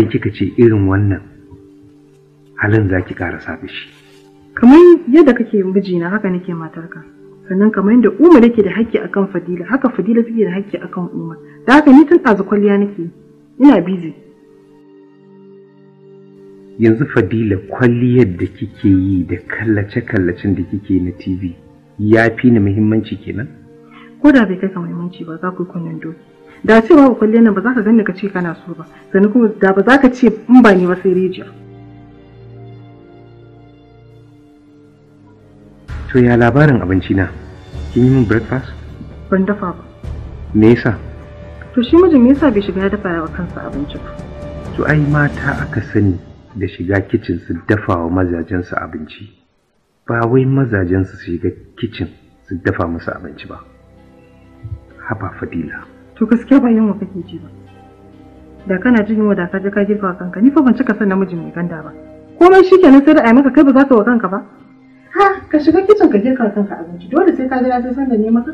in kika ce irin wannan halin za ki ƙara da shi kamar yadda kake mijina haka nake matarka sannan kamar yadda umar yake da haƙƙi akan fadila haka fadila take da haƙƙi akan umar da haka ni tun ɗazu kwalliya nake ina bizi yanzu fadila kwalliyar da kike yi da kallace-kallacen da kike na tv ya fi ni muhimmanci kenan ko da bai kai ka muhimmanci ba za ku kunnen doki da cewa ba kwalle nan ba za ka ganni ka ce kana so ba sannan kuma da ba za ka ce in ba ni ba sai rijiya to ya labarin abinci na kin yi min breakfast ban dafa ba me yasa to shi mijin me yasa bai shiga ya dafa wa kansa abinci ba to ai mata aka sani da shiga kicin su dafa wa mazajen su abinci ba wai mazajen su shiga kicin su dafa musu abinci ba haba fadila to gaskiya ba yunwa kake ji ba da kana jin yunwa da ka je ka girka kanka ni fa ban cika son namiji mai ganda ba komai shi kenan sai da ai maka kai ba za ka wa kanka ba ha ka shiga kicin ka girka kanka abinci dole sai ka jira sai san da ne maka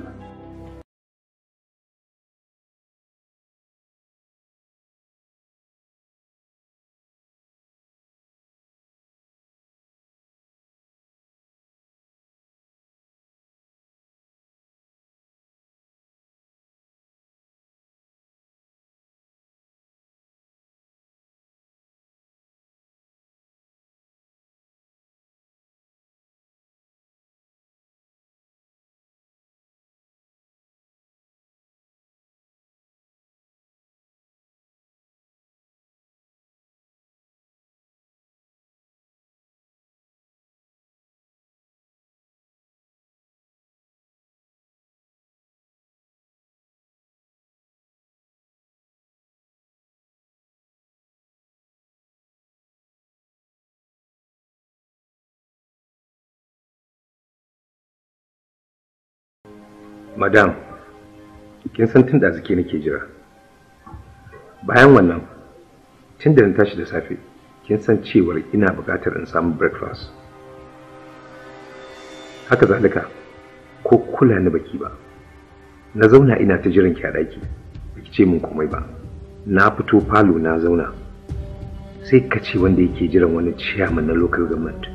madam kin san tun da zuke nake jira bayan wannan tun na tashi da safe kin san cewar ina buƙatar in samu breakfast haka zalika ko kula ni baki ba na zauna ina ta jiran ki a ɗaki baki ce min komai ba na fito falo na zauna sai ka ce wanda yake jiran wani chairman na local government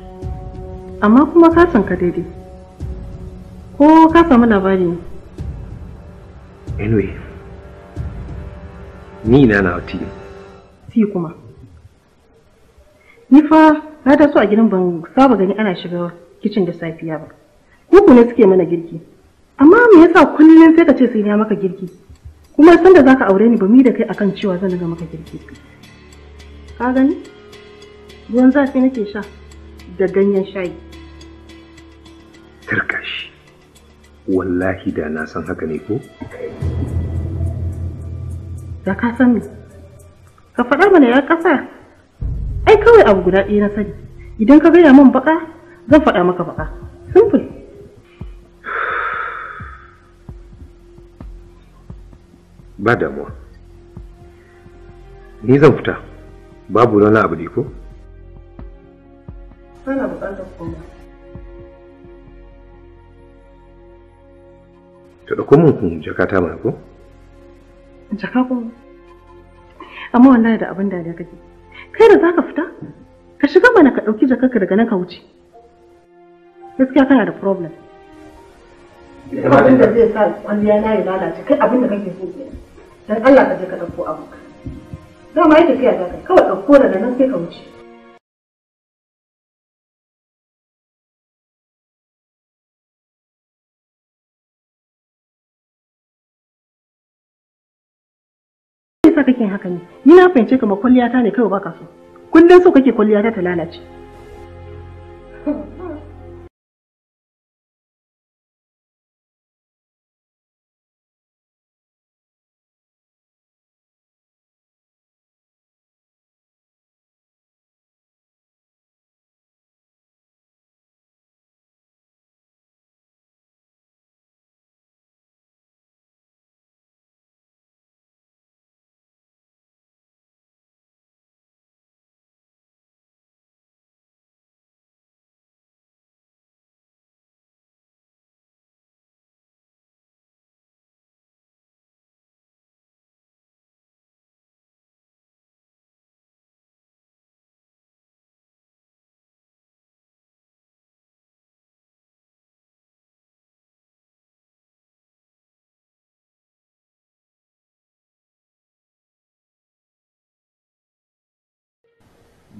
amma kuma ka san ka daidai ko ka samu labari ne anyway ni na na ti ti kuma ni fa na taso a gidan ban saba gani ana shiga kicin da safiya ba ku ne suke mana girki amma me yasa kullum sai ka ce sai na maka girki kuma san da zaka aure ni ba mi da kai akan cewa zan ga maka girki ka gani ruwan zafi nake sha da ganyen shayi turkashi wallahi da na san haka ne ko da ka sani ka faɗa mana ya ƙasa ai kawai abu guda ɗaya na sani idan ka gaya min baka zan faɗa maka baka simple ba damuwa ni zan fita babu wani abu ne ko ana buƙatar koma To da min kun jaka ta mana ko? Jaka kuma. Amma wallahi da abin dariya kake. Kai da za ka fita? Ka shiga mana ka ɗauki ka daga nan ka wuce. Gaskiya kana da problem. Abin da zai sa kwalliya na ya lalace kai abin da kake so kenan. Dan Allah ka je ka ɗauko abu. Dama yake kai a ka kawai ɗauko daga nan sai ka wuce. yasa kake haka ne? Ni na fahimce kamar kwalliya ta ne kawai baka so. Kullum so kake kwalliya ta ta lalace.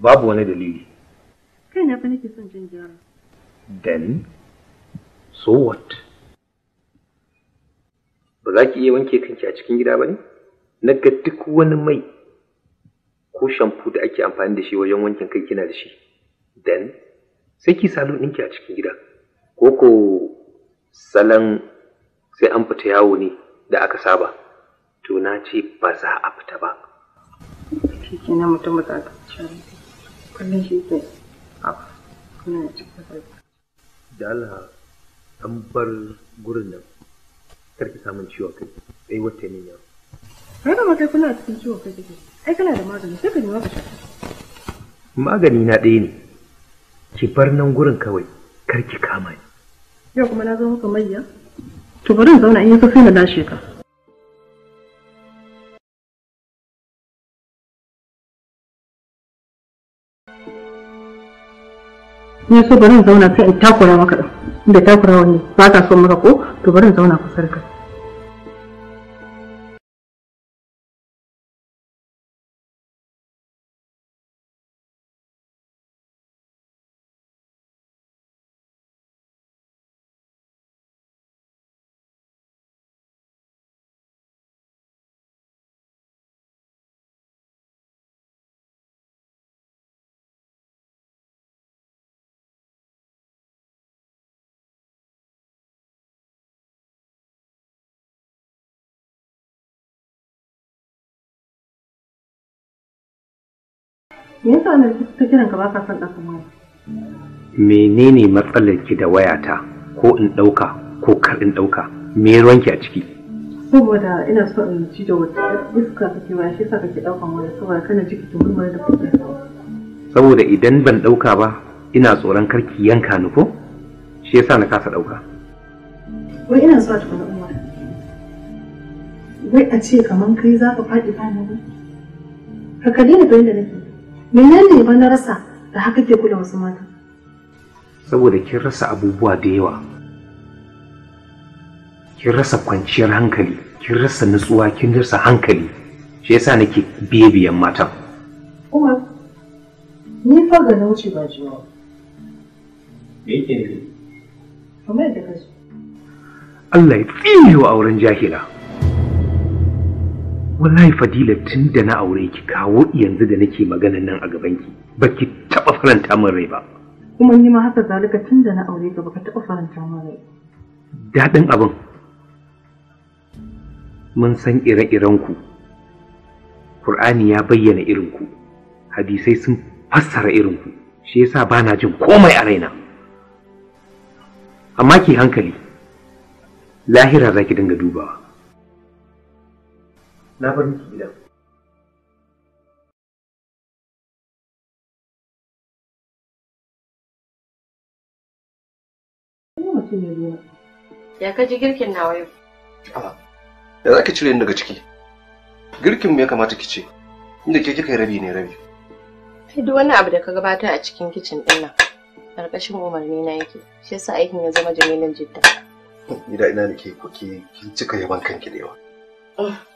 babu wani dalili kai na fi son jin gyara then so what ba za ki iya wanke kanki a cikin gida ba ne na ga duk wani mai ko shamfu da ake amfani da shi wajen wankin kai kina da shi then sai ki salon ɗinki a cikin gida ko ko salon sai an fita yawo ne da aka saba to na ce ba za a fita ba mutum ba za ka kullum shi ke kuna cikin sarki da Allah an bar gurin nan karki samun ciwon kai ai wata ne ya kai da kai kuna cikin ciwon kai kike ai kana da magani sai ka nemi ka sha magani na ɗaya ne ki bar nan gurin kawai kar ki kama ni yau kuma na zama kamar ya to bari in zauna in yi sai na lashe ka ni so bari zauna sai in takura maka da takurawa wani ba ka so maka ko to bari zauna kusa da kai Me yasa ne ta kiran ka baka son ɗaukan waya? Menene matsalar ki da wayata ko in ɗauka ko kar in ɗauka? Me ruwanki a ciki? Saboda ina so in ji da wata iska kake waya shi yasa kake ɗaukan waya saboda kana ciki murmur da kuɗi. Saboda idan ban ɗauka ba ina tsoron karki yanka ni ko? Shi yasa na kasa ɗauka. Wai ina so a cikin umar. Wai a ce kamar kai za ka faɗi ba na Ka kalli da bayan da nake menene ba na rasa da haka ke kula wasu mata saboda kin rasa abubuwa da yawa kin rasa kwanciyar hankali kin rasa nutsuwa kin rasa hankali shi yasa nake biye matan kuma ni fa ga nauci ba jiwa me yake ne kamar da kaji Allah ya wa auren jahila wallahi fadila tun da na aure ki kawo yanzu da nake magana nan a gaban ki baki taba faranta min rai ba kuma ni ma haka zalika tun da na aure ka baka taba faranta min rai dadin abin mun san ire-iren ku Qur'ani ya bayyana irin ku hadisai sun fassara irin ku shi yasa na jin komai a raina amma ki hankali lahira zaki dinga dubawa Na bar miki gida. Ya kaji girkin nawa yau? Ya za ki cire ni daga ciki? Girkin mu ya kamata ki ce, inda ke kika rabi ne rabi. Ai duk wani abu da ka gabata a cikin kicin din nan, ƙarƙashin umarni na yake, shi yasa aikin ya zama jimilin jidda. da ina da ke ko ki cika yaban kanki da yawa.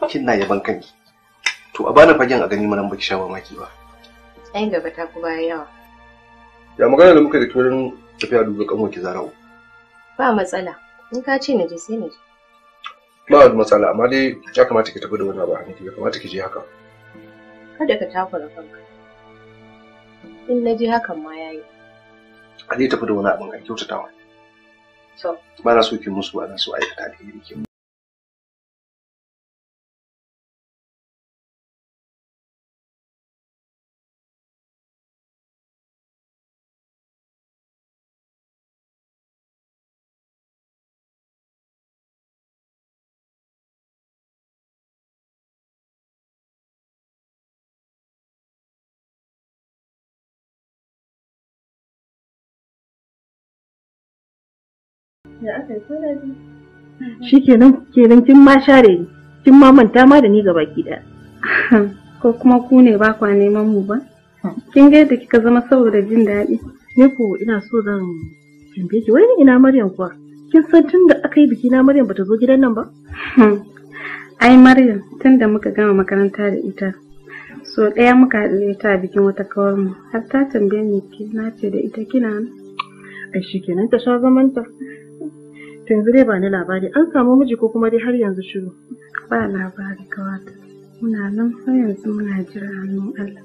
kin na yaban kanki to a bani fagen a gani mana baki sha mamaki ba ai gaba ta ku baya yawa ya magana da muka da turin tafiya duba kanwa ki zarau ba matsala in ka ce na je sai na je ba matsala amma dai ya kamata ki tafi da wani abu a hanki ya kamata ki je haka kada ka takura kanka in na je hakan ma yayi dai tafi da wani abin a kyautatawa. Ba na so ki musu ba na so aikata alheri ki Ya aka yi mhm. Shi kenan kenan kin ma share ni. Kin ma manta ma da ni gaba ki ɗaya. Ko kuma ku ne ba kwa neman mu ba? Kin ga yadda kika zama saboda jin daɗi. Ni ko ina so zan tambaye ki wai ni ina Maryam kuwa? Kin san tun da aka yi biki na Maryam bata zo gidan nan ba? Hmm. Ai Maryam tun da muka gama makaranta da ita so ɗaya muka haɗu da ita a bikin wata kawar mu har ta tambaye ni ki na ce da ita kina nan. Ai shi kenan ta sha zamanta. To yanzu dai ba ni labari an samu miji ko kuma dai har yanzu shiru. Ba labari kawata. Muna nan har yanzu muna jira hannun Allah.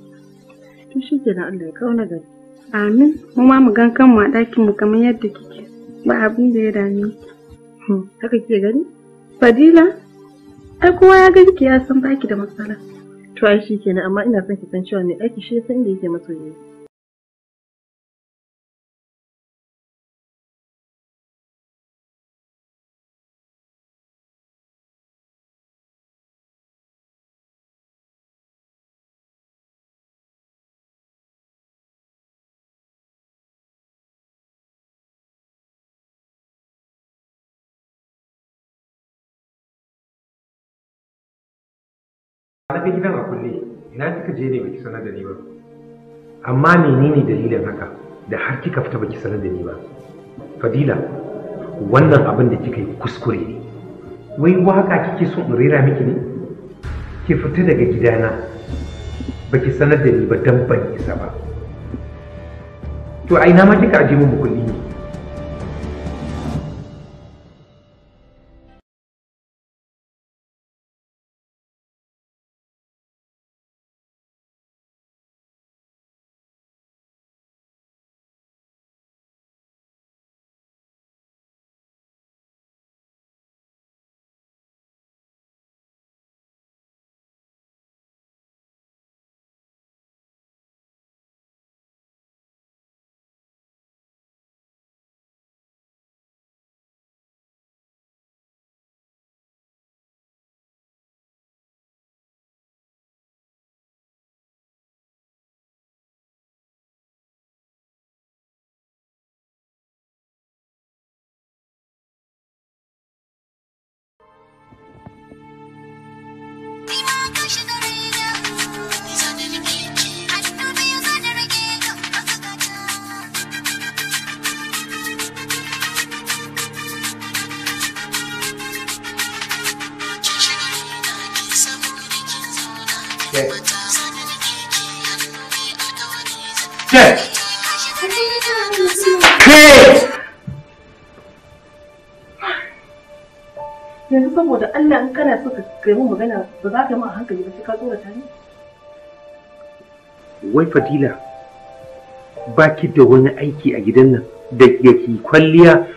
To shi ke Allah ya kauna gari. Amin. Mu ma mu gan kanmu a ɗakin mu kamar yadda kike. Ba abin da ya dame. Hmm, haka ke gani? Fadila, ai kowa ya ga ki ya san baki da matsala. To ai shi kenan amma ina son ki san cewa ne aiki shi san inda yake masoyi. na ga gidan a kulle ina kika je ne baki sanar da ni ba amma menene dalilin haka da har kika fita baki sanar da ni ba fadila wannan abin da kika yi kuskure ne wai waka kike so in rera miki ne ki fita daga gidana baki sanar da ni ba dan ban isa ba to a ina ma kika aje mu yanzu saboda Allah in kana so ka kai mu magana ba za ka yi mu a hankali ba sai ka tsora tare wai fadila ba ki da wani aiki a gidan nan da yake kwalliya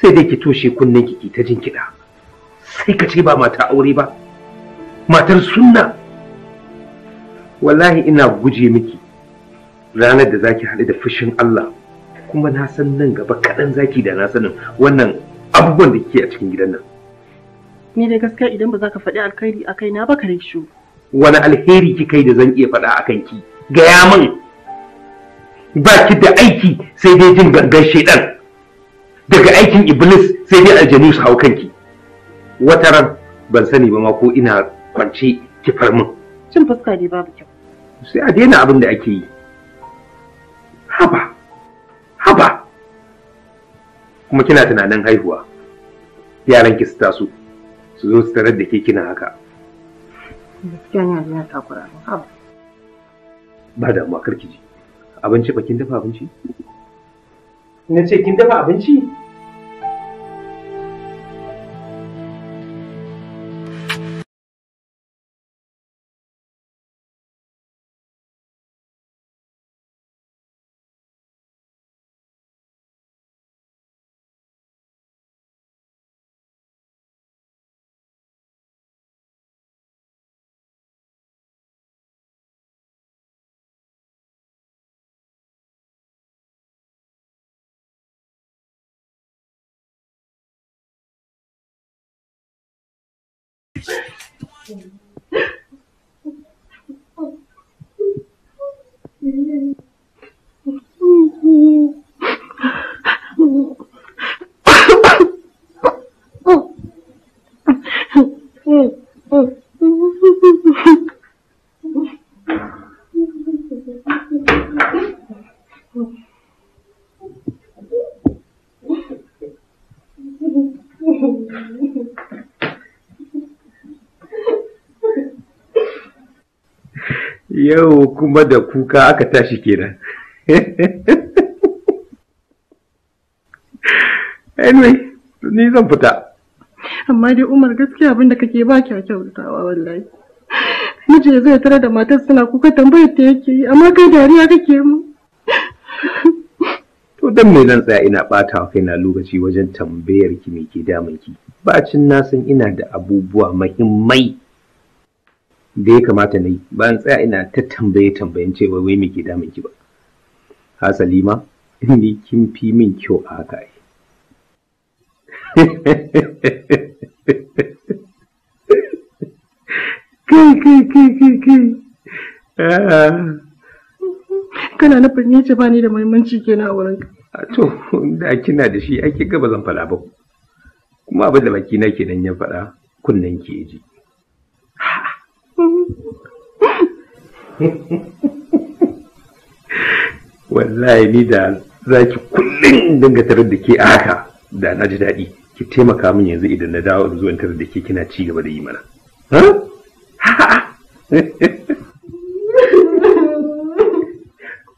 sai dai ki toshe kunnen ki ta jin kiɗa sai ka ce ba mata aure ba matar sunna wallahi ina guje miki ranar da zaki haɗu da fushin Allah kuma na san nan gaba kaɗan zaki da na sanin wannan abubuwan da ke a cikin gidan nan. Ni dai gaskiya idan ba za ka faɗi alkhairi a na ba ka shu. Wani alheri ki kai da zan iya faɗa a kanki gaya min ba ki da aiki sai dai jin gangan shaidan daga aikin iblis sai dai aljanu su hau kanki wata ran ban sani ba ma ko ina kwance ki farmin. Cin fuska ne babu kyau. Sai a daina abin da ake yi. Haba. haba kuma kina tunanin haihuwa yaran ki su taso su zo su tarar da ke kina haka gaskiya yana da takura haba ba da mu ki ji abinci ba kin dafa abinci na ce kin dafa abinci kuma da kuka aka tashi kenan anyway ni zan fita amma dai umar gaskiya abinda kake ba kya kyautatawa wallahi miji zai tare da matar suna kuka tambayar ta yake yi amma kai dariya kake mu to dan me zan tsaya ina bata wa kaina lokaci wajen tambayar ki me ke damun ki bacin na san ina da abubuwa muhimmai da ya kamata na yi bayan tsaya ina ta tambaye tambayen cewa wai me ke damun ki ba hasali ma ni kin fi min kyau a haka ai kai kai kai kai kai ah. kana na fanni ce ba ni da muhimmanci kenan a wurin ah, to da kina da shi ake gaba zan faɗa ba kuma abin da baki na kenan ya faɗa kunnen ke ji wallahi ni da zaki ki kullum dinga tarar da ke a haka da na ji daɗi ki taimaka min yanzu idan na dawo in in tarar da ke kina ci gaba da yi mana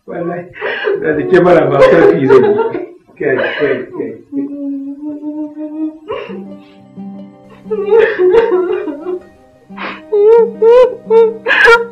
wallahi da da ke mara ba sarfi zai kai kai kai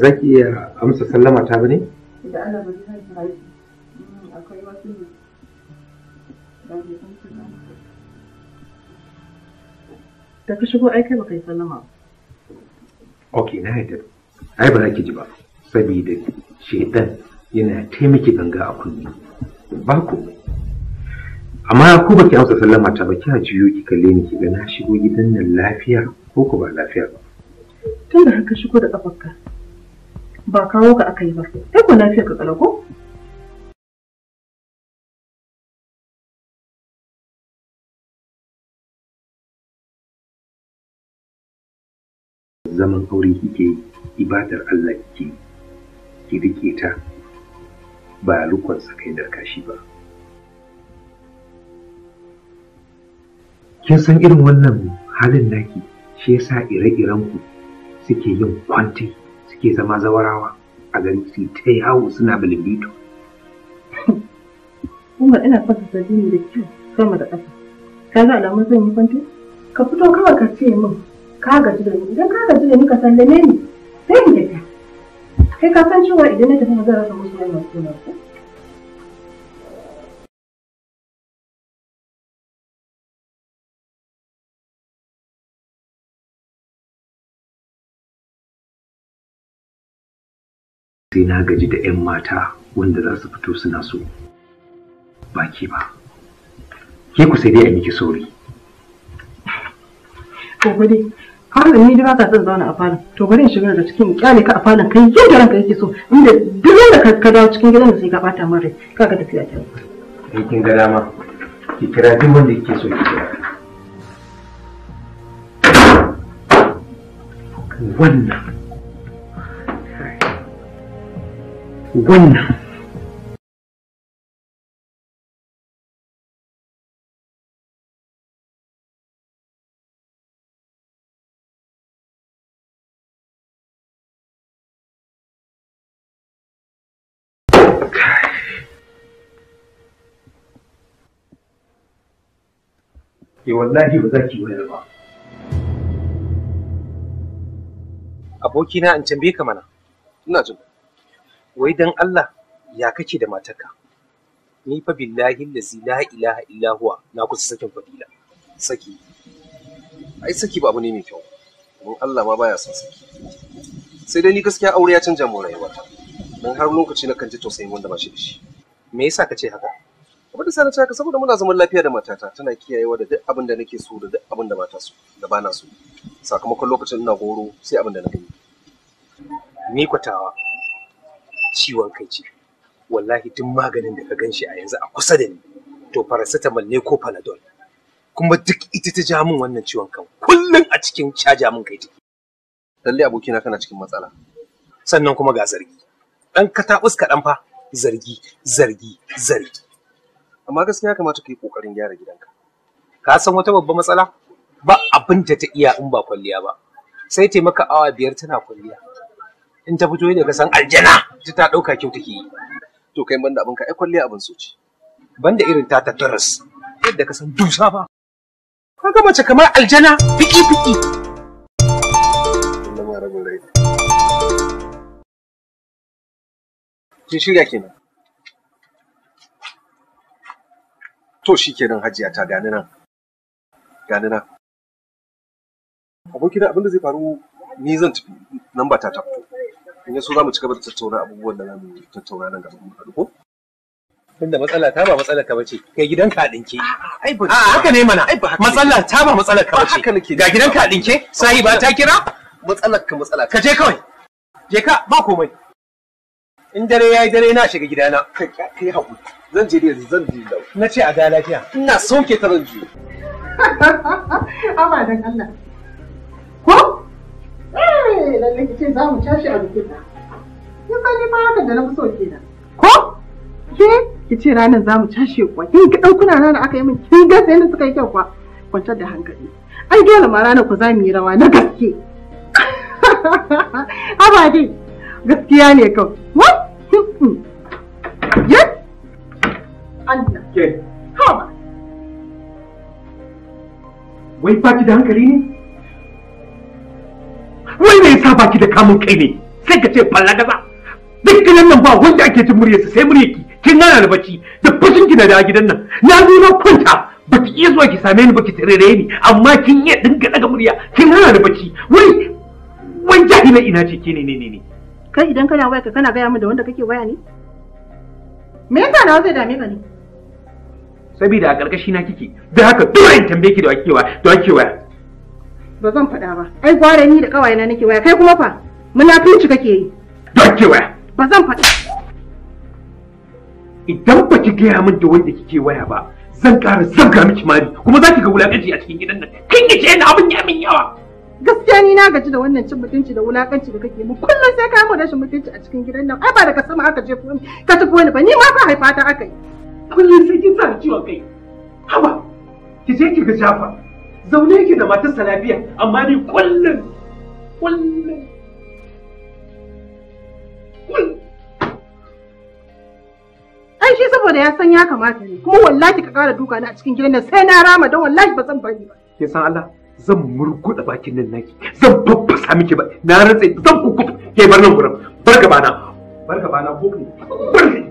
za ki iya amsa sallama ta bane? Da ba ne. Mm, da ka shigo ai kai ba kai sallama. Ok, na haita. Ai ba za ki ji ba, saboda shaidan yana taimaki ganga a kunne. Ba ku. Amma ko baki amsa sallama ta ba kina jiyo ki kalle ni ki ga na shigo gidan nan lafiya ko ku ba lafiya ba. Tun da haka shigo da kafarka. ba kawo ka aka yi ba kai ku lafiya ka kalau zaman aure kike ibadar Allah kike ki rike ta ba rukun sa kai kashi ba kin san irin wannan halin naki shi yasa ire-iren ku suke yin kwanti. suke zama zawarawa a gari su ta hau suna bilibito. Umar ina fasa sadini da kyau sama da ƙasa. Ka za alamun zan yi kwanto? Ka fito kawai ka ce min ka gaji da ni idan ka gaji da ni ka sallame ni sai in tafi. Kai ka san cewa idan na tafi mazara zan rasa musu mai masu ko? sai na gaji da 'yan mata wanda za su fito suna so baki ba ke ku sai dai a miki sauri to bari har da ni da ka son zauna a falon to bari in shiga daga cikin kyale ka a falon kai yadda ranka yake so inda duk wanda ka dawo cikin gidan da sai ka bata min rai ka ga tafiya ta kai kin ga dama ki kira duk wanda yake so ki kira wannan wannan ke eh, wallahi ba za ki wani ba. Abokina in can ka mana, ina jin. wai dan Allah ya kake da matarka ni fa billahi lazi la ilaha illa huwa na kusa sakin fadila saki ai saki ba abu ne mai kyau don Allah ma baya son saki sai dai ni gaskiya aure ya canja mu rayuwata don har lokaci na kan ji tausayin wanda ba shi da shi me yasa kace haka abin da sanata ka saboda muna zaman lafiya da matata tana kiyayewa da duk abin da nake so da duk abin da mata so da ba na so sakamakon lokacin ina goro sai abin da na gani ni kwatawa ciwon kai ce wallahi duk maganin da ka gan shi a yanzu a kusa da ni to paracetamol ne ko panadol kuma duk ita ta ja min wannan ciwon kan kullum a cikin caja mun kai take lalle abokina kana cikin matsala sannan kuma ga zargi dan ka tabus ka dan fa zargi zargi zargi amma gaskiya kamata ka yi kokarin gyara gidanka ka san wata babba matsala ba abin da ta iya in ba kwalliya ba sai taimaka awa biyar tana kwalliya in ta fito yadda ka san aljana ta ta ɗauka kyau take yi. To kai banda abin ka ai kwalliya abin so ce. Banda irin ta ta daras yadda ka san dusa ba. Ka ga mace kamar aljana fiki fiki. Ki shirya kenan. To shi kenan hajiya ta gani nan. Gani nan. Abokina abinda zai faru ni zan tafi nan ba ta tafi. in yaso za mu ci gaba da tattauna abubuwan da za mu tattauna nan gaba mu haɗu ko tunda matsala ta ba matsala ka bace kai gidan ka dinke ai ba haka ne mana matsala ta ba matsala ka bace ga gidan ka dinke sai ba ta kira matsalar ka matsala ka je kawai je ka ba komai in dare yayi dare na shiga gidana kai kai hakuri zan je da zan je da na ce a ga lafiya ina soke ta zan je dan Allah ko eh ce za mu tashi a bikin da ko ke ki ranar za mu tashi kuwa kin ki ɗaukuna ranar aka yi min kin ga sai suka yi kyau kuwa kwantar da hankali ai dole ma ranar ku za mu yi rawa na gaske haba dai gaskiya ne kau what hmm. Allah ke haba wai ba ki da hankali ne wai me yasa baki da kamun kai ne sai ka ce ballagaza dukkanin nan ba wanda ake jin muryarsa sai muryarki kin gana da bacci da fushin ki na da gidan nan na zo na kwanta baki iya zuwa ki same ni baki tare ni amma kin iya dinga daga murya kin gana da bacci wai wai jahila ina ce ke ne ne ne kai idan kana waya ka kana gaya min da wanda kake waya ne me yasa na zai dame ka ne sabida a karkashi na kike da haka dole in tambaye ki da wakewa da wakewa ba zan faɗa ba ai gware ni da na nake waya kai kuma fa munafinci kake yi dokke waya ba zan faɗa idan ba ki gaya min da wanda kike waya ba zan ƙara zabga miki mari kuma za ki ga wulakanci a cikin gidan nan kin ki ce na abin ya min yawa gaskiya ni na gaji da wannan cin mutunci da wulakanci da kake mu kullum sai ka mu rashin mutunci a cikin gidan nan ai ba daga sama aka je ka tafi wani ba ni ma fa haifa ta aka yi kullum sai kin sa ciwon kai haba ki je ki ga shafa zaune yake da matarsa lafiya amma ni kullum kullum Ai shi saboda ya san ya kamata ne kuma wallahi ka kara duka ni a cikin gidan sai na rama don wallahi ba zan bari ba. Ke san Allah zan murguda bakin nan naki zan babbasa miki ba na rantse zan kukuta ke bar nan gurin barka bana barka bana gaba na ko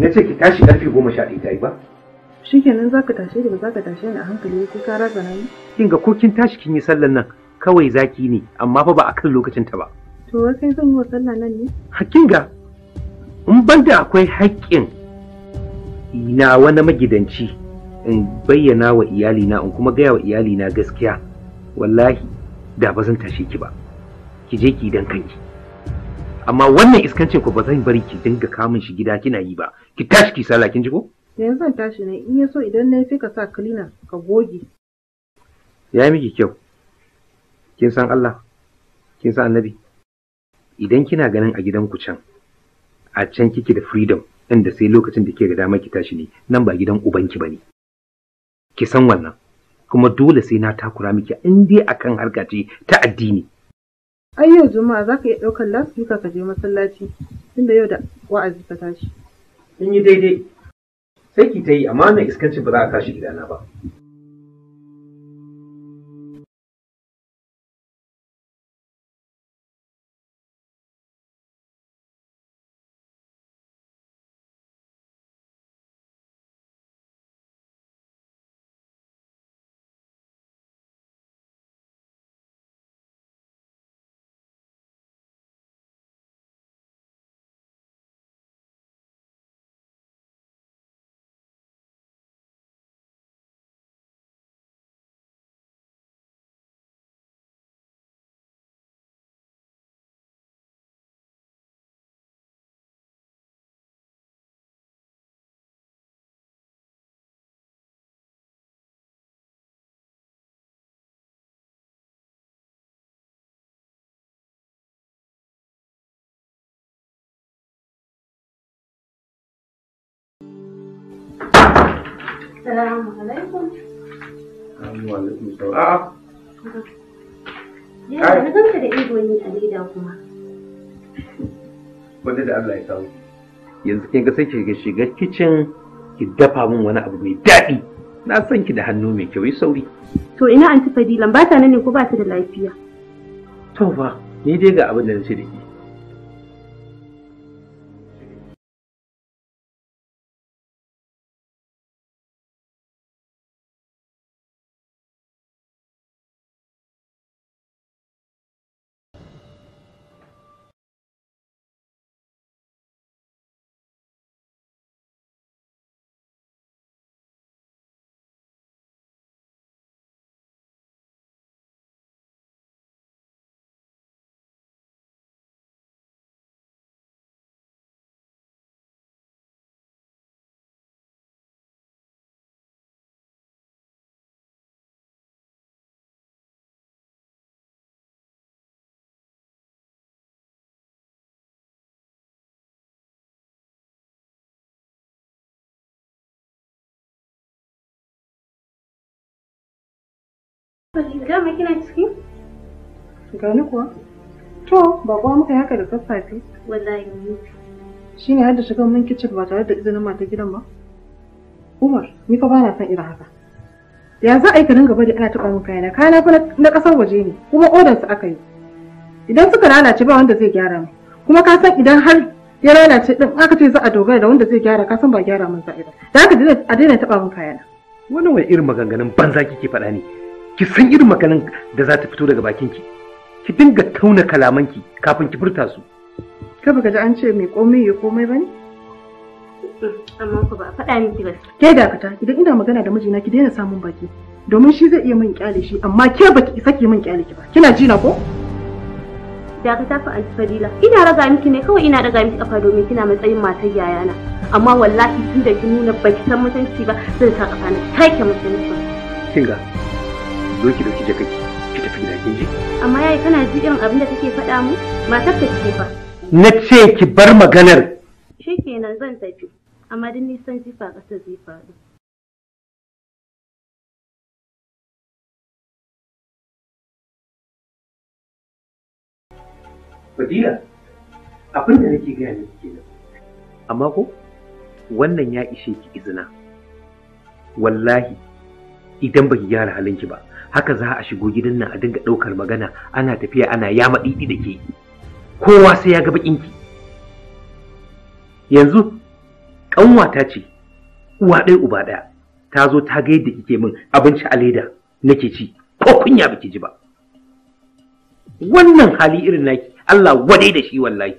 na ce ki tashi karfe goma sha ɗaya ta yi ba kenan za ka tashe da ba za ka tashe ni a hankali ko ka raza na kin ga ko kin tashi kin yi sallan nan kawai zaki ne amma fa ba a kan lokacin ta ba to wai kai zan yi wa sallah nan ne hakkin ga in da akwai haƙƙin na wani magidanci in bayyana wa iyalina in kuma gaya wa iyalina gaskiya wallahi da ba zan tashe ki ba ki je ki dan kanki amma wannan iskancin ku ba zan bari ki dinga kamun shi gida kina yi ba ki tashi ki sallah kin ji ko yanzu zan tashi ne in yaso idan nayi sai ka sa cleaner ka goge ya miki kyau kin san Allah kin san Annabi idan kina ganin a gidanku can a can kike da freedom inda sai lokacin da kike da dama ki tashi ne nan ba gidan ubanki bane ki san wannan kuma dole sai na takura miki in dai akan harka ta addini ai yau juma'a zaka iya ɗaukar lasfika ka je masallaci tunda yau da wa'azi ka tashi In yi daidai sai ki ta yi amma na iskanci ba za a kashi gidana ba Salamu alaikum. Salamu alaikum. A'a. Yau na ganka da igoni a leda kuma. Wanda da Allah ya kawo. Yanzu kin ga sai ki shiga kicin ki dafa min wani abu mai daɗi. Na san ki da hannu mai kyau yi sauri. To ina anti Fadilan ba ta nan ne ko ba ta da lafiya? To ba, ni dai ga abin da na da ke. Dama kina ciki? Gani kuwa? To, ba kuwa muka haka da sassafe. Wallahi ne. Shi ne hadda shigar min kicin ba tare da izinin mata gidan ba? Umar, ni fa bana son irin haka. Ya za a yi ka dinga bari ana taɓa min kayana, kayana fa na ƙasar waje ne, kuma odar su aka yi. Idan suka lalace ba wanda zai gyara min. Kuma ka san idan har ya lalace din aka ce za a dogara da wanda zai gyara ka san ba gyara min yi ba. Da haka a daina taɓa min kayana. Wani wani irin maganganun banza kike faɗa ne? ki san irin maganin da za ta fito daga bakinki ki dinga tauna kalamanki kafin ki furta su ka baka ji an ce mai komai ya komai bane amma ku ba faɗa miki ba ke dakata idan ina magana da mijina ki daina samun baki domin shi zai iya min kyale shi amma ke baki isa ki min kyale ki ba kina ji na ko dakata tafi anti fadila ina raga miki ne kawai ina raga miki kafa domin kina matsayin matar yayana amma wallahi tun da ki nuna baki san mutunci ba zan sa kafa na take mutunci kinga zo ki je kake ki tafi gida kin ji amma yayi kana ji irin abin da take faɗa mu matar ta ce fa na ce ki bar maganar shikenan zan tafi amma din nisan jifa kasa zai faru Fadila, abin da nake gaya miki kenan. Amma ko wannan ya ishe ki izina. Wallahi, idan baki gyara halinki ba, haka za a shigo gidan nan a dinga ɗaukar magana ana tafiya ana ya maɗiɗi da ke kowa sai ya ga ki. yanzu ƙanwata ce uwa ɗaya uba ɗaya ta zo ta ga yadda kike min abinci a leda nake ci ko kunya baki ji ba wannan hali irin naki Allah wade da shi wallahi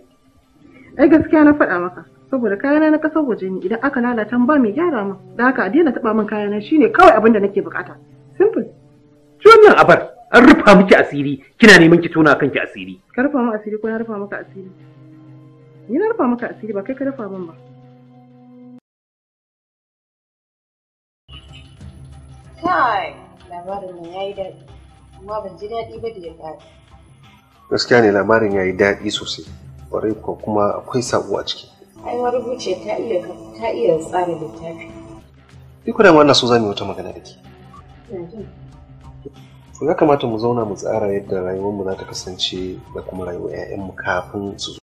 ai gaskiya na faɗa maka saboda kayana na kasar waje ne idan aka lalata ba mai gyara ma da haka a daina taɓa min kayana shine kawai abin da nake bukata simple shi wannan abar an rufa miki asiri kina neman ki tona kanki asiri ka rufa mu asiri ko na rufa maka asiri ni na rufa maka asiri ba kai ka rufa min ba kai labarin nan yayi daɗi amma ban ji daɗi ba da ya gaskiya ne labarin yayi daɗi sosai ƙwarai ko kuma akwai sabuwa a ciki ai marubuciya ta iya ta iya tsara littafi duk da wannan so zan yi wata magana da ke ya kamata mu zauna mu tsara yadda rayuwarmu za ta kasance da kuma rayuwar 'ya'yanmu kafin su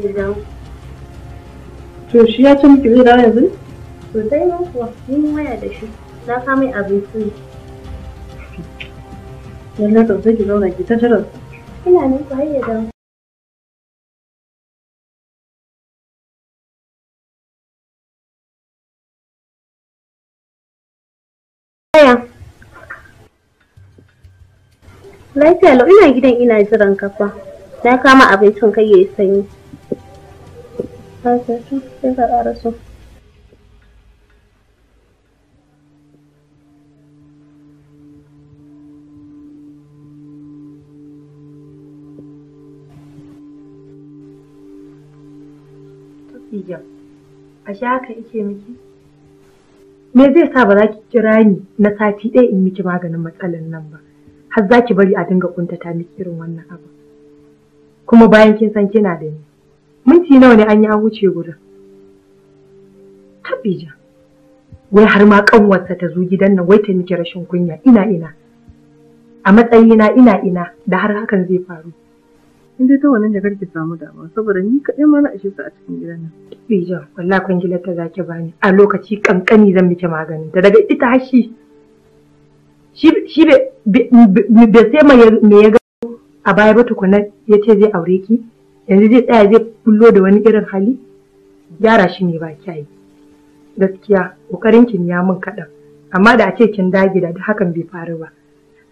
To shi ya ce miki zai dawo yanzu? Sosai ma kuwa, mun waya da shi, na kama abinci. Lallai ka zai ki zauna ki ta jiran. Ina nan ku har ya dawo. Lafiya lau ina gidan ina jiran kafa. Na kama abincin kai yayi sanyi. Perfecto, llegará a su Hijab, ashe haka yake miki? Me zai sa ba za ki kira ni na sati ɗaya in miki maganin matsalar nan ba, har za ki bari a dinga kuntata miki irin wannan abu. Kuma bayan kin san kina da ni. minti nawa ne an yi an wuce gurin tabbija wai har ma kanwarta ta zo gidan nan wai ta miki rashin kunya ina ina a matsayina ina ina da har hakan zai faru in dai ta wannan da karki samu dama saboda ni kaɗai ma na ishe su a cikin gidan nan tabbija wallahi kwangilar ta zaki bani a lokaci kankani zan miki magani da daga ita hashi shi bai sai me ya ga a baya ba tukuna ya ce zai aure ki yanzu zai tsaya zai kullo da wani irin hali gyara shi ne ba kyayi gaskiya kokarin kin ya mun kaɗan amma da a ce kin dage da hakan bai faru ba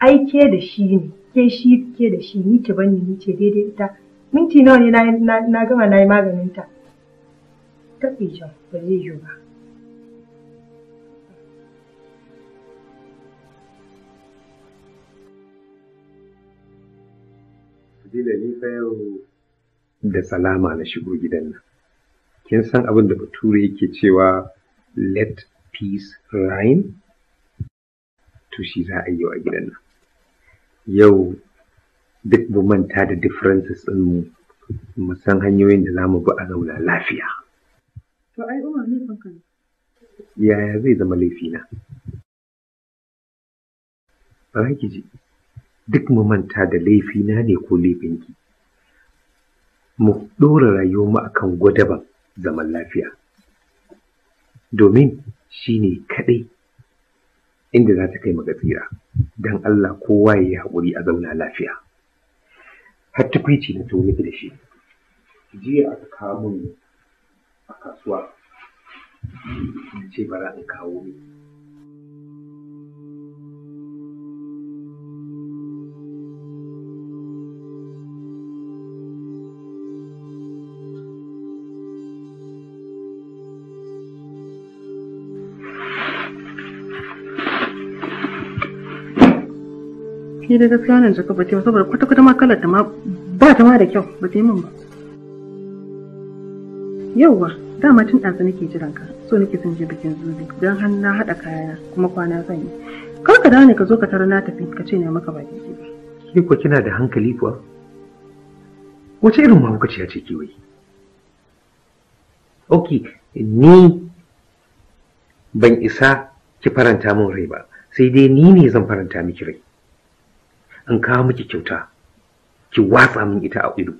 ai ke da shi ne ke shi ke da shi ni ke bani ni ce daidai ita minti nawa ne na gama na yi maganin ta jan ba zai yi ba Dile ni fa da salama na shigo gidan nan kin san abin da bature yake cewa let peace reign to shi za a yi wa gidan nan yau duk mu manta da differences din mu mu san hanyoyin da zamu bi a zauna lafiya to ai umar ka yaya zai zama laifina ba ki ji duk mu manta da laifina ne ko laifinki mu ɗora mu a kan gwadaban zaman lafiya domin shi ne kaɗai inda za ta kai mu gafira don Allah kowa ya yi haƙuri a zauna lafiya har tukwici na tuni da shi jiya aka kawo a kasuwa ce bara in kawo miki ni da gaskiya wannan jaka ba ta saboda kwata kwata ma kalar ta ma ba ta ma da kyau ba ta yi min ba yauwa dama tun ɗansa nake jiran ka so nake son je bikin zubi don har na haɗa kaya kuma kwana zan yi kar ka dawo ka zo ka tara na tafi ka ce na maka ba daidai ba ke ko kina da hankali kuwa wace irin mahaukaciya ce ke wai ok ni ban isa ki faranta min rai ba sai dai ni ne zan faranta miki rai An kawo miki kyauta ki watsa min ita a ido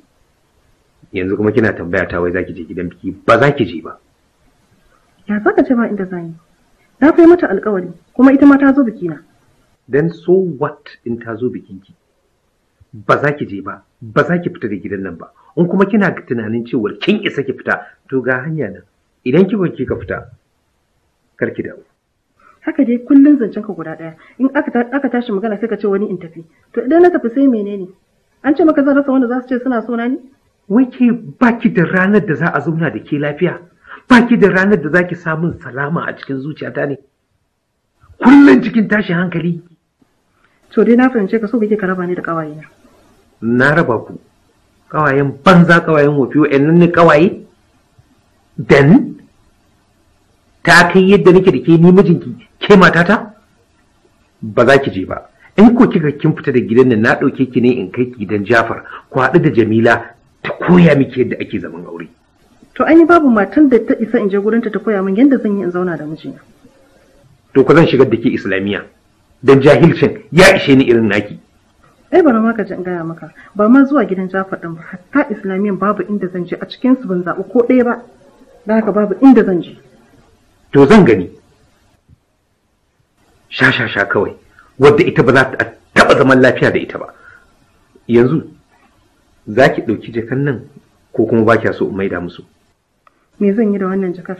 yanzu kuma kina tambaya ta wai zaki je gidan biki ba za je ba ya za ka ba inda zani na kai mata alkawari kuma ita ma ta zo biki na then so what in ta zo bikinki ba za je ba ba za fita da gidan nan ba in kuma kina tunanin cewa kin isa ki fita to ga hanya nan idan ki ki kika fita kar ki dawo haka dai kullum zancen ka guda ɗaya in aka tashi magana sai ka ce wani in tafi to idan na tafi sai menene an ce maka zan rasa wanda za su ce suna na ni wai baki da ranar da za a zauna da ke lafiya baki da ranar da zaki samu salama a cikin zuciyata ne kullum cikin tashin hankali to dai na fahimce ka so kake ka raba ni da na na raba ku kawayen banza kawayen wofi wa'annan ne kawaye dan ta kai yadda nake da ke ni mijinki ke matata ba za ki je ba in ko kika kin fita da gidan nan na ɗauke ki ne in kai ki gidan Jafar ku haɗu da Jamila ta koya miki yadda ake zaman aure to an babu matan da ta isa in je gurin ta koya min yadda zan yi in zauna da mijina to ku zan shigar da ke islamiyya dan jahilcin ya ishe ni irin naki ai bana ma ka ji in gaya maka ba ma zuwa gidan Jafar din ba hatta islamiyyan babu inda zan je a cikin su ban zaɓi ko ɗaya ba da haka babu inda zan je to zan gani sha sha sha kawai wadda ita ba za ta taɓa zaman lafiya da ita ba yanzu za ki ɗauki jakan nan ko kuma ba kya so in maida musu me zan yi da wannan jakar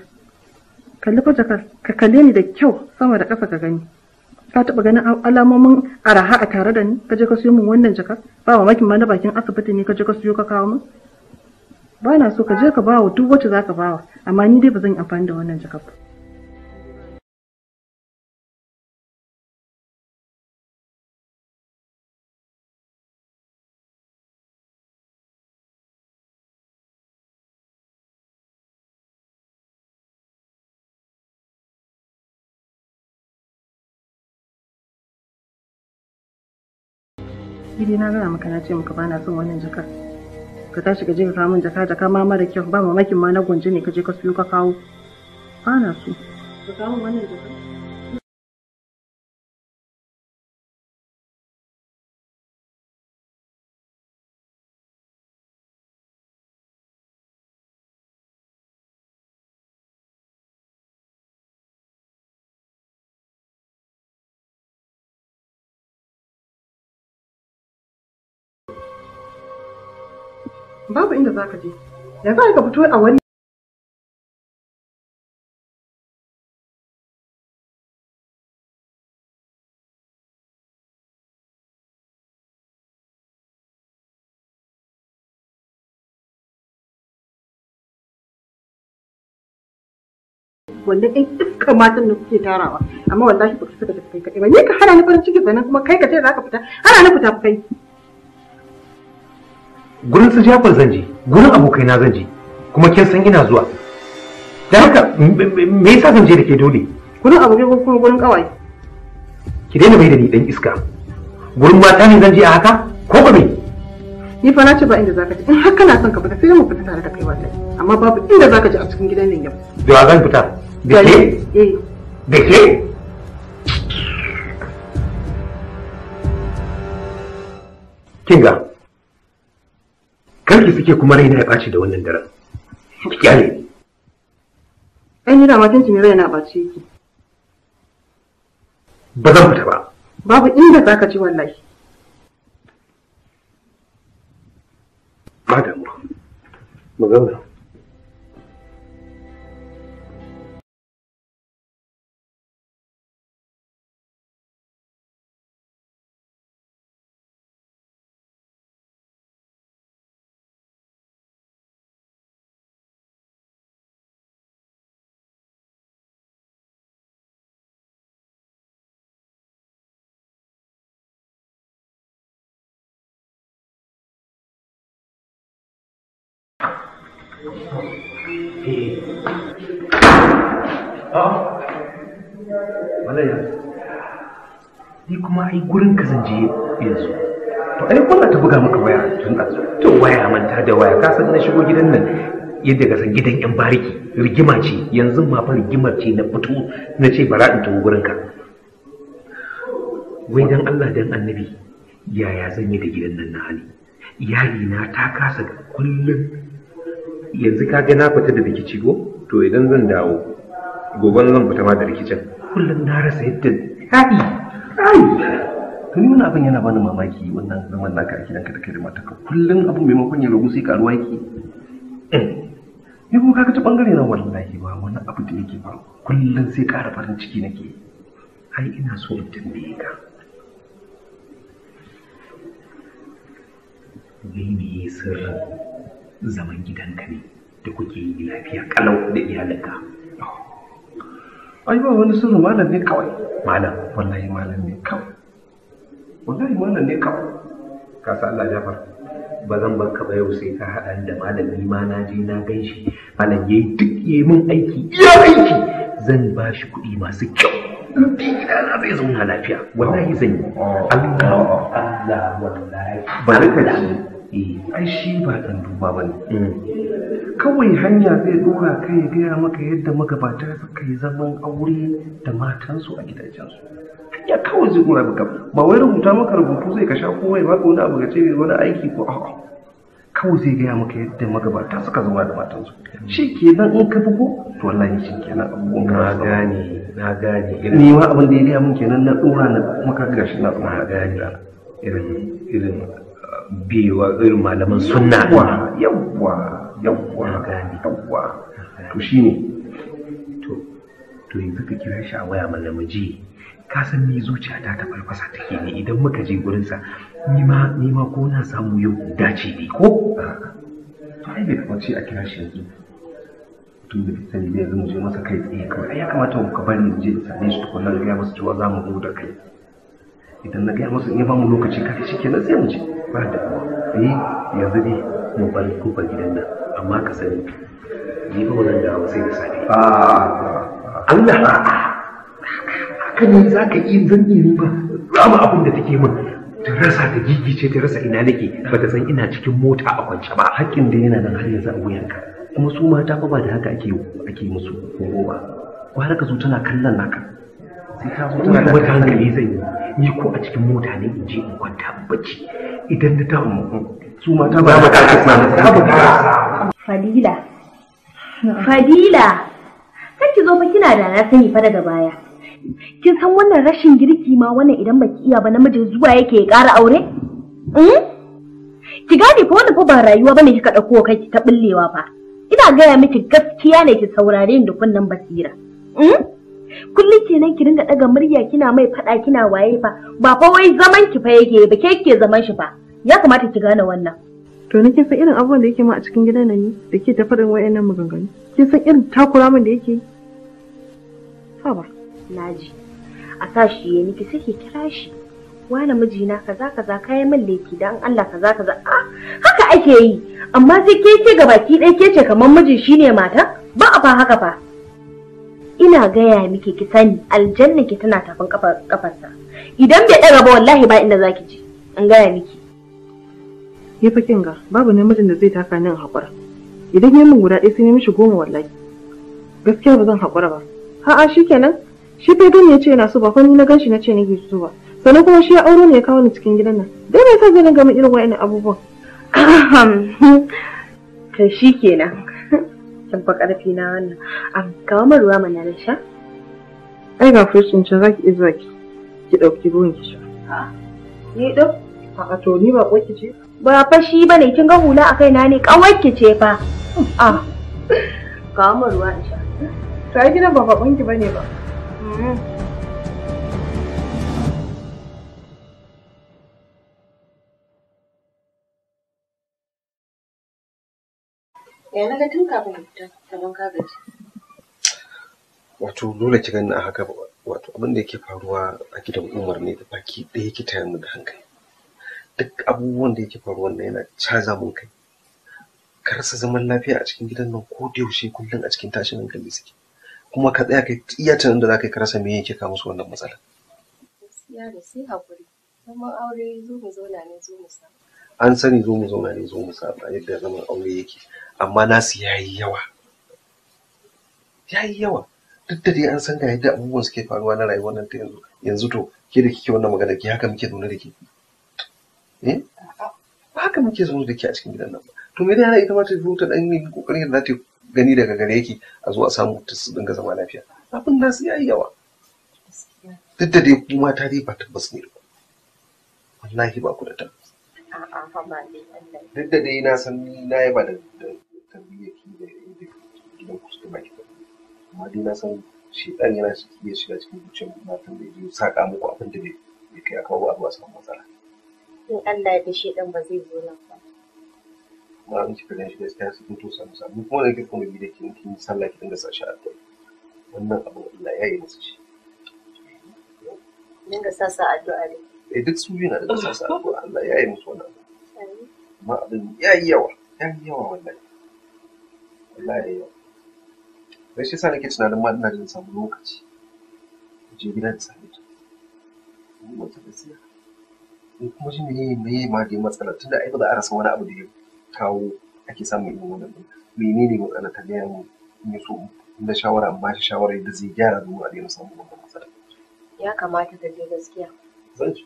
kalli fa jakar ka kalle ni da kyau sama da ƙasa ka gani ka taɓa ganin alamomin araha a tare da ni ka je ka siyo min wannan jakar ba makin ma na bakin asibiti ne ka je ka siyo ka kawo min ba na so ka je ka bawa duk wacce za ka bawa amma ni dai ba zan yi amfani da wannan jakar ba ni na gaya maka na ce maka bana son wannan jakar ka tashi ka je ka kawo jaka jaka ma mara kyau ba mamakin ma na gunje ne ka je ka suyo ka kawo bana so ka kawo wannan jakar Babu inda za ka je, ya za ka fito a wannan wannan ɗin iska matan da kuke tarawa amma wallahi ba ka saka da kai kaɗai ba ni ka hana ni farin ciki sannan kuma kai ka ce za ka fita hana ni fita kai gurin su jafar zan je gurin abokaina zan je kuma kin san ina zuwa da haka me yasa zan je da ke dole gurin abokai ko kuma gurin kawai ki daina mai da ni dan iska gurin mata ne zan je a haka ko ba me ni fa na ce ba inda zaka je in har kana son ka fita sai mu fita tare da kai wallahi amma babu inda zaka je a cikin gidan nan yau da zan fita da ke eh. da ke kinga kar ki suke kuma raina ya ɓaci da wannan daren ki kyale ai ni da ki ne raina ɓaci yake ba zan fita ba babu inda zaka ci wallahi ba mu zauna Eh. Oh. a ni kuma ai gurin ka je yanzu to ai kullum ta buga maka waya tun da to waya manta da waya ka san na shigo gidan nan yadda ka san gidan yan bariki rigima ce yanzu ma fa rigimar ce na fito na ce bara in tawo gurin ka wai dan Allah dan annabi yaya zan yi da gidan nan na hali iyali na ta kasa kullum yanzu ka ga na fita da rikici go to idan zan dawo gobe zan fita ma da rikicin kullum na rasa yadda ai ai ni wani abin yana bani mamaki wannan zaman naka a gidanka da kai da matarka kullum abin maimakon ya ragu sai karuwa yake eh, ni kuma kaga ta bangare na wallahi ba wani abu da yake faru kullum sai ƙara farin ciki nake ai ina so in tambaye ka wai me sirrin zaman gidanka ne da kuke yi lafiya kalau da iyalinka ai ba wani sirri malam ne kawai malam wallahi malam ne kawai wallahi malam ne kawai ka sa Allah jafar ba zan bar ka ba yau sai ka haɗa da malami ma na je na gan shi malam yayi duk yayi min aiki iya aiki zan ba shi kuɗi masu kyau gidana zai zauna lafiya wallahi zan yi Allah oh, oh, oh, Allah wallahi bari ka Eh, ai shi ba dan duba ba ne hmm. kawai hanya zai dora kai ya gaya maka yadda magabata suka yi zaman aure da matansu a gidajensu hanya kawai zai dora maka ba wai rubuta maka rubutu zai ka sha kowai ba wani abu ga ce wani aiki ko a kawai zai gaya maka yadda magabata suka zama da matansu hmm. shi kenan in ka bugu to wallahi shi kenan abubuwan ka na gane na gane ni ma abin da ya gaya min kenan na dora na maka gashi na na gane irin irin biyuwa irin malaman sunna yawwa yawwa yawwa yawwa to shi ne. to yanzu ka kira shi a waya malamin ji ka san ni zuciyata ta farfasa take ne idan muka je gurinsa. ni ma ko na samu yau dace ne ko to ai bai kamata a kira shi yanzu tun da sani zai yanzu mu je masa kai tsaye kawai ai ya kamata mu ka bari mu je sane shi tukunan da ya masa cewa za mu zo da kai idan na gaya masa in ya ba mu lokaci kafin shi kenan sai mu je ba da eh yanzu ne mu bar kofar gidan nan amma ka sani ni ba wannan da sai da safe a ah, Allah a haka ne za ka yi zan yi ba rama abin da take min ta rasa ta gigice ta rasa ina nake ba ta san ina cikin mota a kwance ba hakkin da yana nan har yanzu a wuyanka kuma su mata fa ba da haka ake ake musu horo ba ka zo tana kallon naka sai ta mutu wata hankali zai yi ni ko a cikin mota ne in je in kwanta bacci idan na ta mu su ma ta ba ma ta ta ba fadila fadila kake zo fa kina da na sani fa daga baya kin san wannan rashin girki ma wannan idan baki iya ba namijin zuwa yake ya ƙara aure eh? ki gane fa wannan fa ba rayuwa bane kika dauko kai ta billewa fa ina gaya miki gaskiya ne ki saurare ni da kunnen basira eh? kullum kenan ki dinga daga murya kina mai fada kina waye fa ba fa wai zaman ki fa yake ba ke ke zaman shi fa ya kamata ki gane wannan to ni kin san irin abubuwan da yake ma a cikin gidan nan ne da ke ta faɗin wayannan maganganu kin san irin takura min da yake haba naji a sa shi ya niki sai ki kira shi wani mijina kaza kaza kai min leki dan Allah kaza kaza ah haka ake yi amma sai ke ce ga baki ke ce kamar miji shine mata ba a fa haka fa ina gaya miki ki sani aljanna ki tana tafin kafarsa idan bai ɗaga ba wallahi ba inda zaki je in gaya miki ya fa kinga babu namijin da zai taka nan haƙura idan ya min guda ɗaya sai mishi goma wallahi gaskiya ba zan haƙura ba a'a shikenan shi bai gani ya ce yana so ba ko ni na ganshi na ce nake so ba sannan kuma shi ya aure ne ya kawo ni cikin gidan nan dai bai sa zan ga mu irin wa'annan abubuwan shi kenan Yabba ƙarfi na wannan. A kawo min ruwa mana na sha? Ai ga fursun can za ki iya zaki, ki ɗauki ruwan ki sha. Ni ɗo? A to ni ba ƙwaki ce? Ba fa shi ba ne kin ga hula a kai na ne ƙawar ki ce fa. A ah. kawo min ruwa in sha. To ai gidan ba baƙon ki ba ne mm. ba. Ya kafin Wato dole ki gani a haka wato abin da yake faruwa a gidan Umar ne baki ɗaya ki tayar mu da hankali. Duk abubuwan da yake faruwa na yana caza mun kai. Ka rasa zaman lafiya a cikin gidan nan ko da yaushe kullum a cikin tashin hankali suke. Kuma ka tsaya kai iya tunanin da za ka yi ka rasa me yake kawo musu wannan matsalar. Gaskiya da sai haƙuri. Zaman aure zo mu zauna ne zo mu samu. an sani zo mu zauna ne zo mu saba yadda zaman aure yake amma nasu ya yi yawa ya yi yawa duk da dai an san ga yadda abubuwan suke faruwa na rayuwar nan ta yanzu yanzu to ke da kike wannan magana ki haka muke zaune da ke eh ba haka muke zaune da ke a cikin gidan nan ba to me yana ita ma ta zo ta dan yi kokarin da ta gani daga gare ki a zo a samu ta su dinga zama lafiya abin nasu ya yi yawa duk da dai kuma ta dai ba tabbas ne wallahi ba ku da ta. A'a dai Duk da dai na san ni na yaba da tarbiyyaki da gidan ku suka baki amma dai na san shi shedan yana iya shiga cikin zuciyar matan da ya saka muku abin da bai kai aka ba a samu matsala. In Allah ya da shedan ba zai zo nan ba. Ba in kika gan shi gaskiya su fito samu samu kuma da kika kuma bi da kin kin sallah ki dinga sa shi addu'a. Wannan abu Allah ya yi masa shi. Dinga sa sa addu'a ne. eh duk su biyu na da oh, sa ko Allah ya yi musu wannan amma abin ya yi yawa ya yi yawa wallahi wallahi ya yawa sai shi yasa nake tunanin ma ina jin samu lokaci je gidan da sami ta mu wata gaskiya in kuma shi meye meye ma dai matsala tunda ai ba za arasa wani abu da ya kawo ake samun irin wannan din menene matsala ta gaya mu in so da shawara in ba shi shawara yadda zai gyara domin a daina samun wannan matsala ya kamata ta je gaskiya zan ci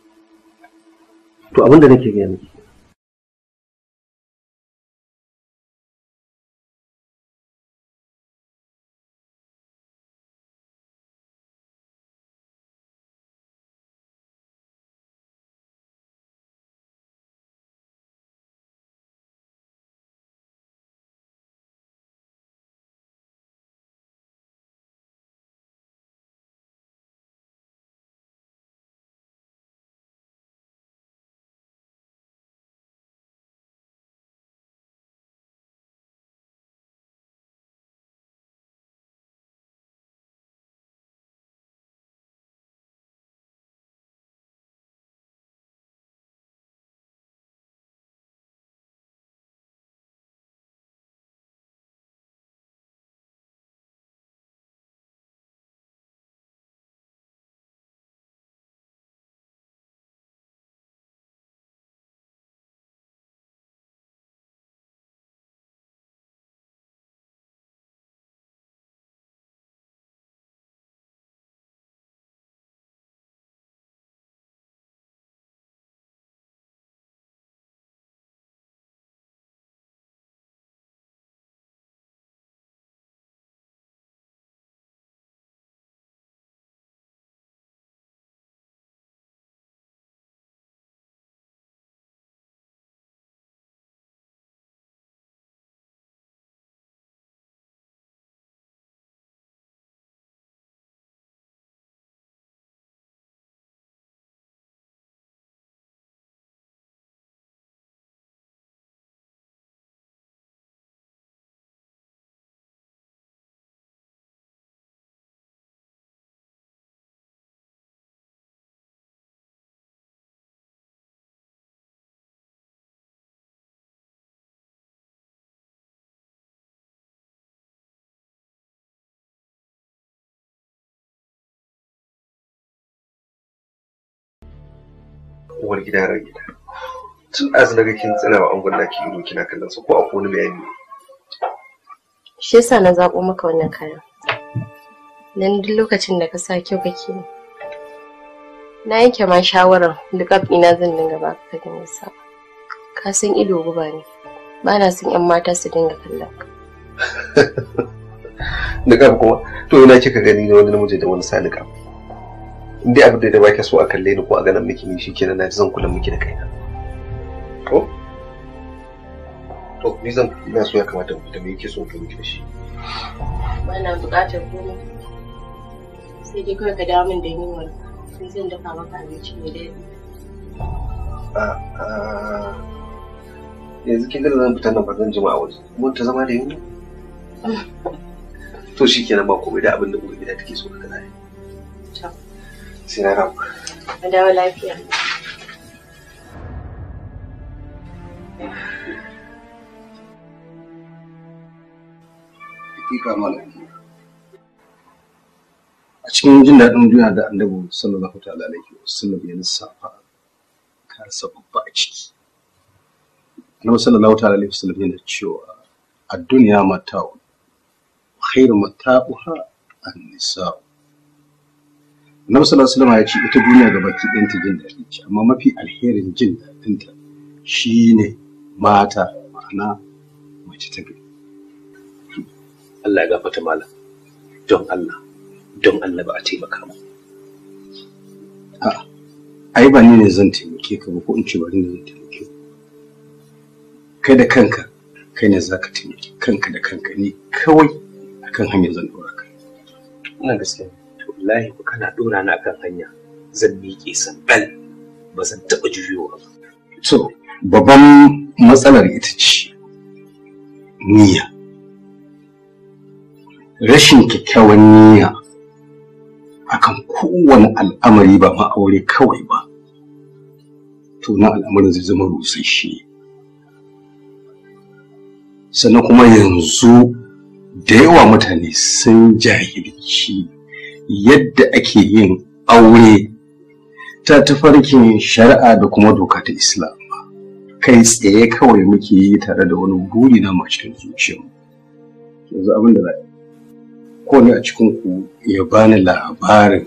to abin da nake gani uwar gida ran gida tun ɗazu daga kin tsina wa angon da ke ido kina kallon su ko a kone mai bayani shi yasa na zaɓo maka wannan kayan nan duk lokacin da ka sa kyau kake ne na yanke ma shawarar duk ina zan dinga ba ka dinga sa ka san ido guba ne ba na son yan mata su dinga kallon ka duk kuma to ina kika gani na wani namiji da wani sa duk inda abin da ba ke so a kalle ni ko a ganin miki ne kenan na zan kula miki da kaina to to ni zan ina so ya kamata mu me yake so ku miki da shi ba na buƙatar komai sai dai kawai ka dawo min da wani, sai zan dafa maka abinci a a ah, ah. yanzu kin gada zan fita nan ba zan jima a waje mun ta zama da yunwa to shikenan ba komai da abin da ubangi da take so ka gana ne sai na rabu a dawo lafiya a cikin jin daɗin duniya da annabi sallallahu ta'ala alaihi wasallam ya lissafa kansa babba a ciki annabi sallallahu ta'ala alaihi wasallam yana cewa a duniya mata'u khairu mata'uha an-nisa'u Annabi sallallahu alaihi ya ce ita duniya ga baki ɗinta jin daɗi ce amma mafi alherin jin daɗin daɗinta shine mata ma'ana mace ta gari. Allah ya gafata malam don Allah don Allah ba a taimaka mu. A'a ai ba ni ne zan taimake ka ba ko in ce ba ni ne zan taimake ka. Kai da kanka kai ne za ka taimake kanka da kanka ne kawai akan hanyar zan ɗora ka. Ina gaskiya. wallahi ku kana dora na kan hanya zan miƙe bal ba zan taɓa juyowa ba to babban matsalar ita ce niyya rashin kyakkyawan niyya akan kowane al'amari ba ma aure kawai ba to na al'amarin zai zama shi. sannan kuma yanzu da yawa mutane sun jahilci yadda ake yin aure ta tafarkin shari'a da kuma doka ta islam kai tsaye kawai muke yi tare da wani buri na cikin zuciyarmu yanzu abin da za ko ne a cikin ku ya bani labarin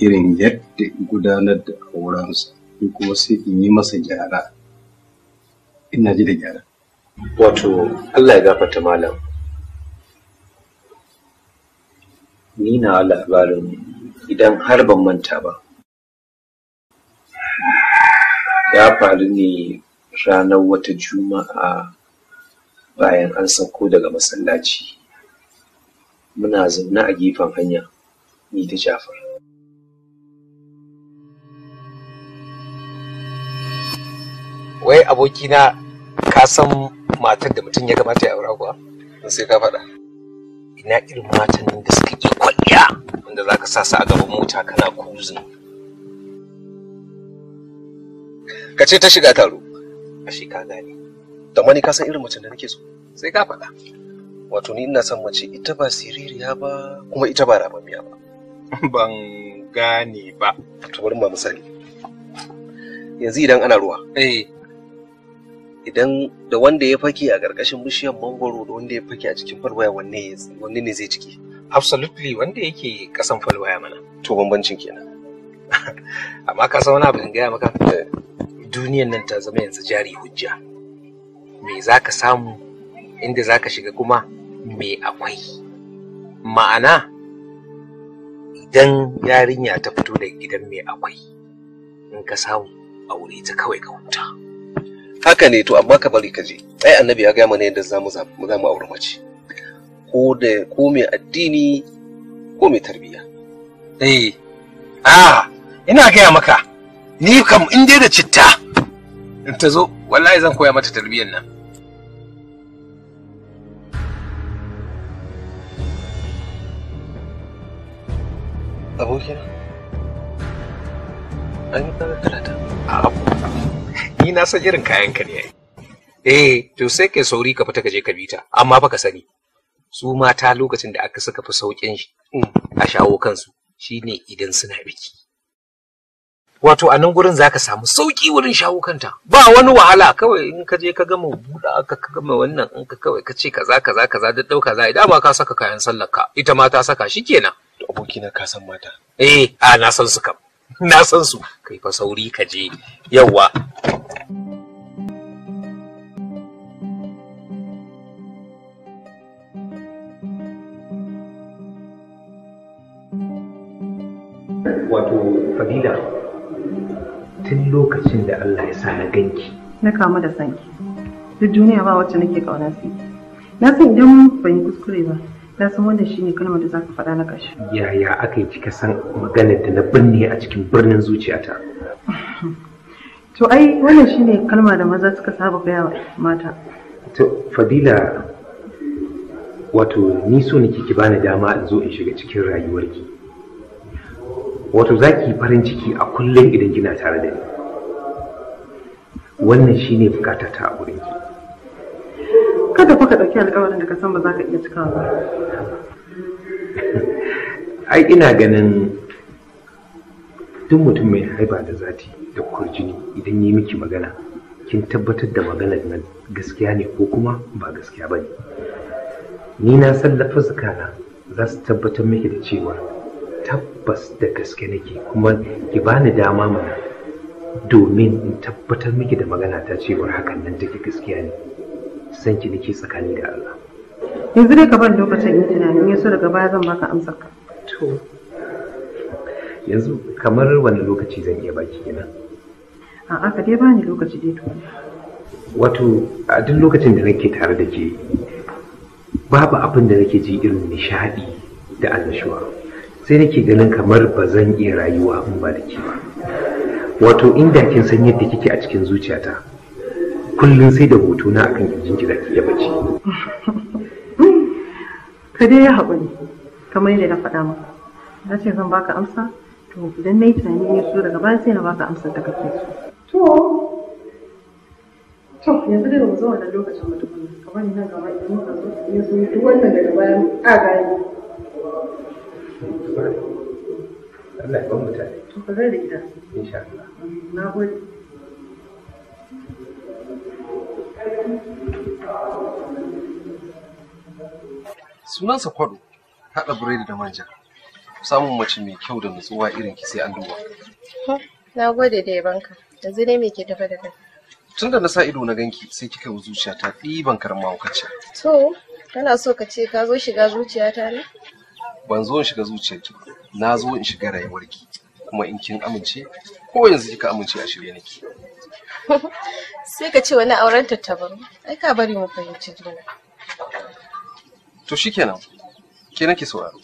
irin yadda gudanar da aurensa ko kuma sai in yi masa gyara ina ji da gyara wato allah ya gafarta malam ni na labarin idan har ban manta ba ya faru ne ranar wata juma'a bayan an sauko daga masallaci muna zaune a gefen hanya ni ta jafar wai abokina ka san matar da mutum ya kamata ya aura kuwa sai ka faɗa ina irin matan da suka yi kwalliya wanda za ka sa su a gaban mota kana kuzin ka ce ta shiga taro a shi ka gane da mani ka san irin mutum da nake so sai ka faɗa wato ni ina son mace ita ba siririya ba kuma ita ba rabamiya ba ban gane ba to bari mu misali yanzu idan ana ruwa eh idan da wanda ya fake a ƙarƙashin bishiyar mangoro da wanda ya fake a cikin falwaya wanne wanne ne zai ciki absolutely wanda yake ƙasan falwaya mana to bambancin kenan amma ka san wani abu in gaya maka eh. duniyan nan ta zama yanzu jari hujja me zaka samu inda zaka shiga kuma me akwai ma'ana idan yarinya ta fito daga gidan me akwai in ka samu aure ta kawai ka huta. haka ne to amma ka bari ka je ai annabi ya gaya mana yadda za mu za mu aure mace ko da ko mai addini ko mai tarbiyya eh ah ina gaya maka ni kam in dai da citta ta zo wallahi zan koya mata tarbiyyar nan abokina an yi karata a abu ni na san irin kayan ka ne eh to sai kai sauri ka fita ka je ka bita amma fa ka sani su mata lokacin da aka saka fi saukin mm, a shawo kansu shine idan suna biki wato a nan gurin zaka samu sauki wurin shawo kanta ba wani wahala kawai in ka je ka gama buɗa aka ka gama wannan in ka kawai ka ce kaza kaza kaza da dauka za idan ba ka saka kayan sallar ka ita ma ta saka shikenan to abokina ka san mata eh a na san su kam na san su kai fa sauri ka je yawa wato fadila tun lokacin da Allah ya sa na ganki na kamu da sanki duk duniya ba wacce nake kauna su na san idan ban yi kuskure ba na san wanda shi ne kalmar da za ka faɗa na ƙarshe yaya aka yi kika san maganar da na binne a cikin birnin zuciyata to ai wannan shine kalma da maza suka saba gaya mata to fadila wato ni so nake ki bani dama in zo in shiga cikin rayuwarki wato za yi farin ciki a kullum idan kina tare da ni wannan shine bukatar ta a gurinki Ka fa ka ɗauki alƙawarin da ka san ba za ka iya cika ba ai ina ganin duk mutum mai haiba da zati da kurjini idan yi miki magana kin tabbatar da maganar nan gaskiya ne ko kuma ba gaskiya ba ne ni na san na za su tabbatar miki da cewa tabbas da gaske nake kuma ki bani dama mana domin in tabbatar miki da magana ta cewar hakan nan take gaskiya ne san ki nake tsakani da Allah yanzu dai ka ban lokacin yin tunanin ya so daga baya zan baka amsa ka to yanzu kamar wani lokaci zan iya baki kenan a'a ka dai bani lokaci dai to wato a duk lokacin da nake tare da ke babu abin da nake ji irin nishadi da annashuwa sai nake ganin kamar ba zan iya rayuwa in ba da ke ba wato inda kin san yadda kike a cikin zuciyata kullum sai da hoto na akan kirjin ki zaki iya bacci ka dai ya haƙuri kamar yadda na faɗa maka na ce zan baka amsa to idan na yi tunani ya so daga baya sai na baka amsar da kake so to yanzu dai ba mu zo wannan lokacin mutum ka ni nan gaba idan muka zo ya so duk wannan daga baya a gani Allah ya ban mutane. To ka zai da gida. Insha Allah. Na gode. Sunansa kwado, haɗa biredi da manja. Samun mace mai kyau da nutsuwa irin ki sai an duba. Na gode da yabanka. Yanzu ne me ke tafa da kai? Tun da na sa ido na ganki sai kika yi zuciya ta ɗiban karan mahaukaciya. To, kana so ka ce ka zo shiga zuciyata ne? Ban zo in shiga zuciyarki Na zo in shiga rayuwarki. Kuma in kin amince, ko yanzu kika amince a shirye nake. sai ka ce wani auren tattabar ai ka bari mu fahimci juna to shikenan ke nake sauraro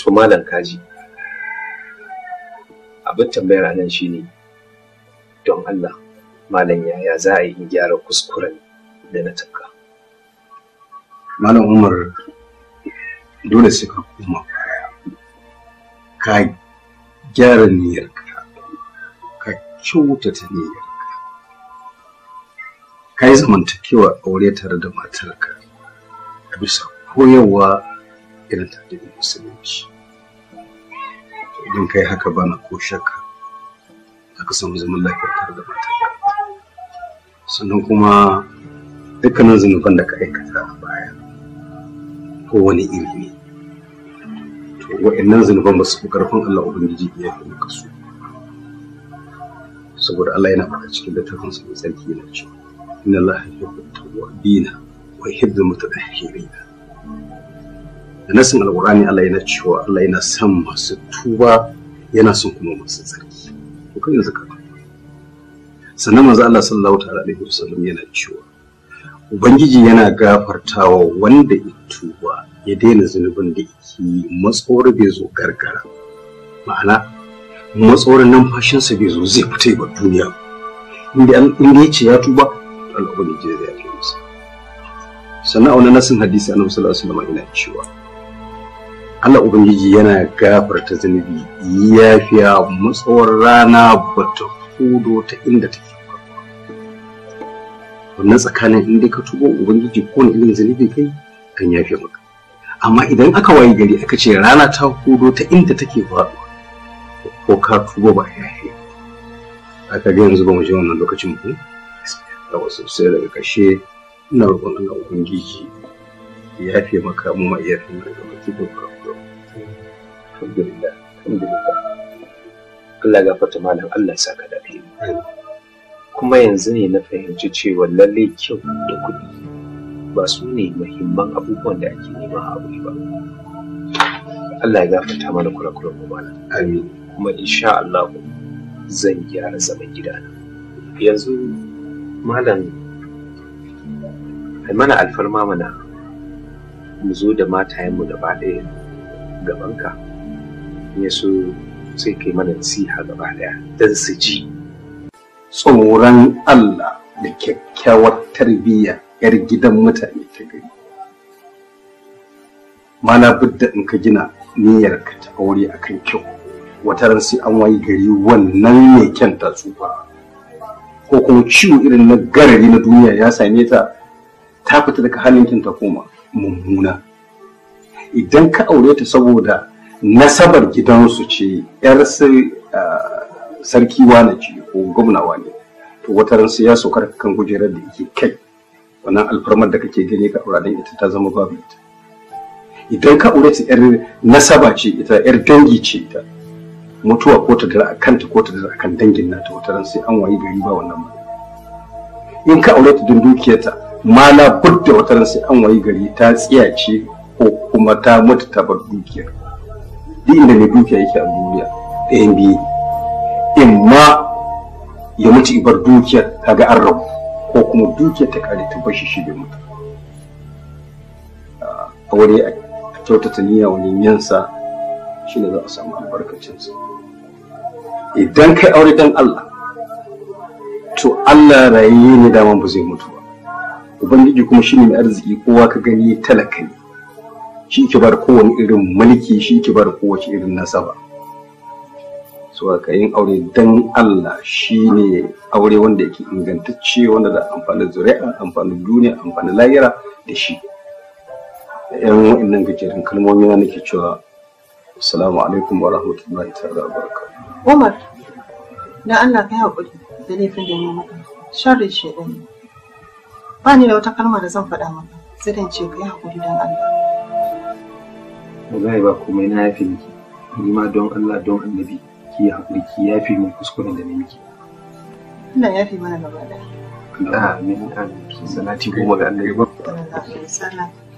Tumalan malam kaji abin tambayar shi ne, don Allah malam yaya za a yi gyara kuskuren da na tafka malam umar dole sai ka koma ka gyara niyyarka ka ta niyyarka ka yi zamantakewa aure tare da matarka a bisa koyarwa irin ta musulunci idan kai haka bana ko shakka za ka samu zaman lafiya tare da mata sannan kuma dukkanin zunuban da ka aikata a baya ko wani iri ne to wa'annan zunuban ba su fi karfin Allah ubangiji ya yi maka su saboda Allah yana faɗa cikin littafin sa mai tsarki yana cewa inna Allah yuhibbu at-tawwabin wa yuhibbu al-mutatahhirin da nasin alkurani Allah yana cewa Allah yana son masu tuba yana son kuma masu tsarki to kai yanzu ka sannan manzo Allah sallallahu ta'ala alaihi wasallam yana cewa ubangiji yana gafartawa wanda ya tuba ya daina zunubin da yake matsawar bai zo gargara ma'ana matsawar numfashinsa bai zo zai fita ba duniya inda ya ce ya tuba Allah ubangiji zai yi masa sannan a wani nasin hadisi annabi sallallahu alaihi wasallam yana cewa Allah Ubangiji yana gafarta zunubi yafiya matsawar rana ba ta hudo ta inda take wannan tsakanin inda ka tubo Ubangiji ko na irin zunubi kai kan yafiya maka amma idan aka wayi gari aka ce rana ta hudo ta inda take faɗo ko ka tubo ba ya yafiya aka ga yanzu ba mu je wannan lokacin ku da wasu sai daga kashe ina roƙon Allah Ubangiji ya yafe maka mu ma yafe maka da wakilin alhamdulillah alhamdulillah Allah ga malam Allah ya saka da kuma yanzu ne na fahimci cewa lalle kyau da kuɗi ba su ne muhimman abubuwan da ake nema a wuri ba Allah ya gafarta mana kurakuran mu malam amin kuma insha Allah zan gyara zaman gidana yanzu malam ai mana alfarma mana mu zo da matayenmu gaba ɗaya gabanka ya so sai kai mana nasiha gaba daya don su ji tsoron Allah da kyakkyawar tarbiyya yar gidan mutane ta gari mana budda in ka gina niyyar ka ta aure akan kyau wata ran sai an wayi gari wannan ne kyan ta tsufa ko kuma ciwo irin na garari na duniya ya same ta ta fita daga halin ta koma mummuna idan ka aure ta saboda nasabar gidansu ce yar sarki na ce ko gwamna ne, to wata ran sai ya saukar kan kujerar da yake kai wannan alfarmar da kake gani ka aura ita ta zama babu ita idan ka aure ta yar nasaba ce ita yar dangi ce ita mutuwa ko ta dara akan ta ko ta dara akan dangin nata wata ran sai an wayi gari ba wannan ba in ka aure ta don ta ma na budda wata ran sai an wayi gari ta tsiyace ko kuma ta mutu ta bar dukiyar duk inda mai dukiya yake a duniya ɗayan biyu in ma ya mutu ibar dukiyar ta an rabu ko kuma dukiyar ta kare ta bashi shi bai mutu a wuri a kyautata niyya wani yansa shi ne za a samu albarkacinsa idan kai aure dan Allah to Allah rayu ne daman ba zai mutu ba ubangiji kuma shi ne mai arziki kowa ka gani talaka shi ki bar kowane irin mulki shi ki bar kowace irin nasaba so ka yin aure dan Allah shi ne aure wanda yake ingantacce wanda da amfanin zuri'a amfanin duniya amfanin lahira da shi da yan wa'annan gajeren kalmomi na nake cewa assalamu alaikum wa rahmatullahi ta'ala wa barakatuh Umar na Allah kai haƙuri da laifin da ya maka sharri shedan ba ni da wata kalma da zan faɗa maka sai dan ce yi haƙuri dan Allah wallahi ba komai na yafe miki ni ma don Allah don annabi ki hakuri ki yafe min kuskuren da na miki Allah yafe mana gaba ɗaya amin amin sanati goma ga Allah ya ba wasallam